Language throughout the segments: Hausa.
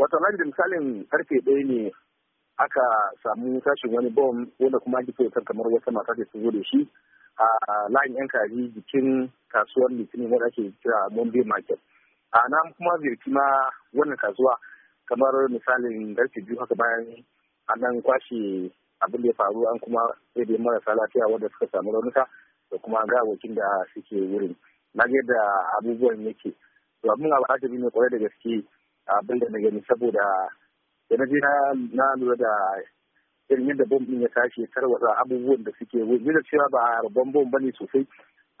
Wata nan da misalin karfe ɗaya ne aka samu tashin wani bom wanda kuma ake kyautar kamar wata mata ce ta zo da shi a layin yan kaji jikin kasuwar litinin wanda ake kira Bombay Market. A nan kuma zirki ma wannan kasuwa kamar misalin karfe biyu haka bayan anan kwashe abin da ya faru an kuma sai marasa lafiya wanda suka samu raunuka da kuma gawakin da suke wurin na da abubuwan yake to abin al'ajabi ne kwarai da gaske abin da na gani saboda da na na lura da irin yadda bombin ya tashi tarwatsa abubuwan da suke wuce da cewa ba babban bom ne sosai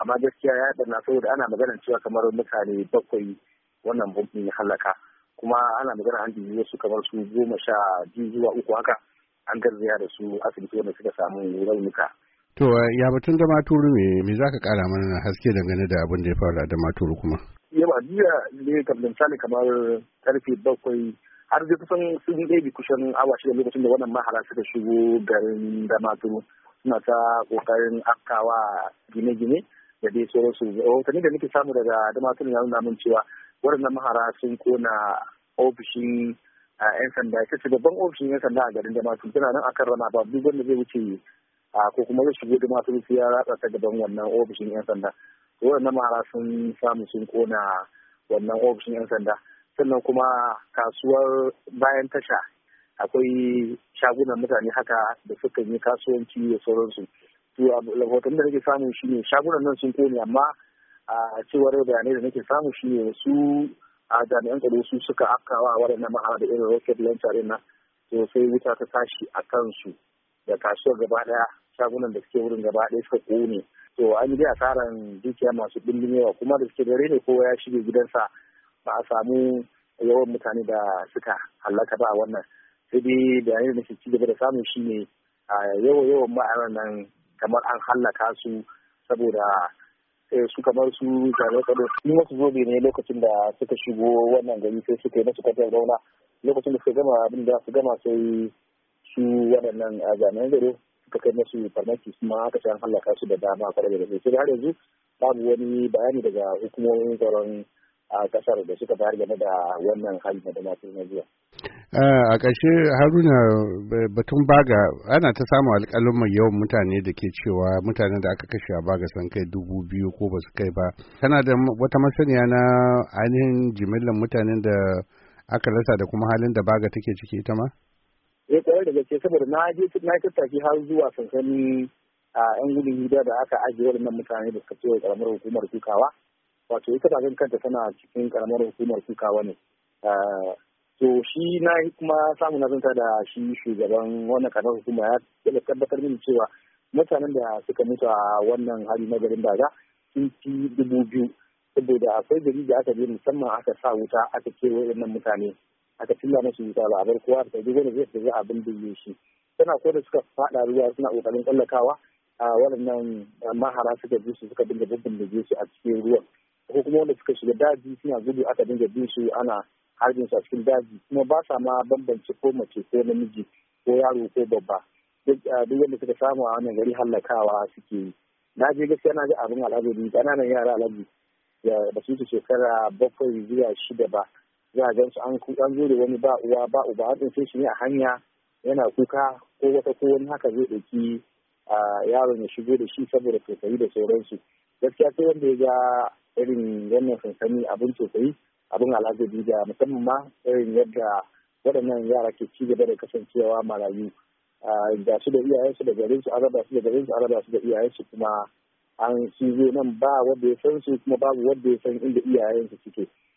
amma gaskiya ya ɗana saboda ana maganar cewa kamar mutane bakwai wannan bombin ya halaka kuma ana magana an jibi wasu kamar su goma sha biyu zuwa uku haka an garzaya da su asibiti wanda suka samu raunuka. To ya batun da maturu me me zaka kara mana haske dangane da abin da ya faru da maturu kuma? yawa jiya ne kamar misali kamar karfe bakwai har zai kusan sun ɗaya kusan awa shida lokacin da wannan mahara suka shigo garin damaturu suna ta ƙoƙarin afkawa gine-gine da dai sauransu rahotanni da nake samu daga damaturu ya nuna mun cewa waɗannan mahara sun kona ofishin yan sanda ya ce babban ofishin yan sanda a garin damaturu tana nan akan rana ba duk wanda zai wuce ko kuma zai shigo damaturu sai ya ratsa ta gaban wannan ofishin yan sanda wannan mara sun samu sun kona wannan ofishin 'yan sanda sannan kuma kasuwar bayan tasha akwai shagunan mutane haka da suka yi kasuwanci da sauransu to da nake samu shine shagunan nan sun kone amma a cewar bayanai da nake samu shine su a jami'an tsaro su suka afkawa waɗannan mahara da irin rocket launcher ɗin nan to wuta ta tashi a kansu da kasuwar gaba ɗaya shagunan da suke wurin gaba ɗaya suka kone to an a asaran dukiya masu ɗimbin yawa kuma da suke dare ne kowa ya shige gidansa ba a samu yawan mutane da suka hallaka ba a wannan sai dai da yanayin da ke ci gaba da samu shine a yawan yawan ma'anar nan kamar an hallaka su saboda eh, su kamar su zane kado ni wasu zobe ne lokacin da suka shigo wannan gari sai suka yi masu kwatar rauna lokacin da suka gama abin da su gama sai su waɗannan jami'an gado suka kai masu farmaki kuma aka ci an hallaka su da dama kwarai da gaske sai har yanzu babu wani bayani daga hukumomin tsaron a kasar da suka bayar game da wannan hali na dama na jiya. a ƙarshe haruna batun baga ana ta samun alƙalin mai yawan mutane da ke cewa mutane da aka kashe a baga sun kai dubu biyu ko ba su kai ba tana da wata masaniya na ainihin jimillar mutanen da aka rasa da kuma halin da baga take ciki ita ma? ya eh, kwarar da gaske saboda na je na tattaki har zuwa sansanin a yan gudun hijira da aka ajiye waɗannan mutane da suka ce karamar hukumar kukawa wato ita bakin kanta tana cikin karamar hukumar kukawa ne to shi na kuma samu na zanta da shi shugaban wannan karamar hukuma ya tabbatar mini cewa mutanen da suka mutu a wannan hali na garin daga sun fi dubu biyu saboda akwai gari da aka je musamman aka sa wuta aka kewaye waɗannan mutane aka cilla masu wuta ba a bar kowa da duk ne zai za a yi shi tana ko da suka fada ruwa suna kokarin tsallakawa a waɗannan mahara suka bi su suka dinga da su a cikin ruwan ko kuma wanda suka shiga daji suna gudu aka dinga bin su ana harbin su a cikin daji kuma ba sa ma bambance ko mace ko namiji ko yaro ko babba duk wanda suka samu a wannan gari hallakawa suke yi na je gaskiya na ji abin al'adu al'ajabi ƙananan yara al'adu da ba su shekara bakwai zuwa shida ba za a gansu an kuka zo da wani ba uwa ba uba an tsince shi a hanya yana kuka ko wata ko wani haka zai ɗauki yaron ya shigo da shi saboda tausayi da sauransu gaskiya sai wanda ya ga irin wannan sansani abin tausayi abin al'ajabi da musamman ma irin yadda waɗannan yara ke ci gaba da kasancewa marayu ga su da iyayensu da garinsu an raba su da garinsu an raba su da iyayensu kuma an shi nan ba wanda ya san su kuma babu wanda ya san inda iyayensu suke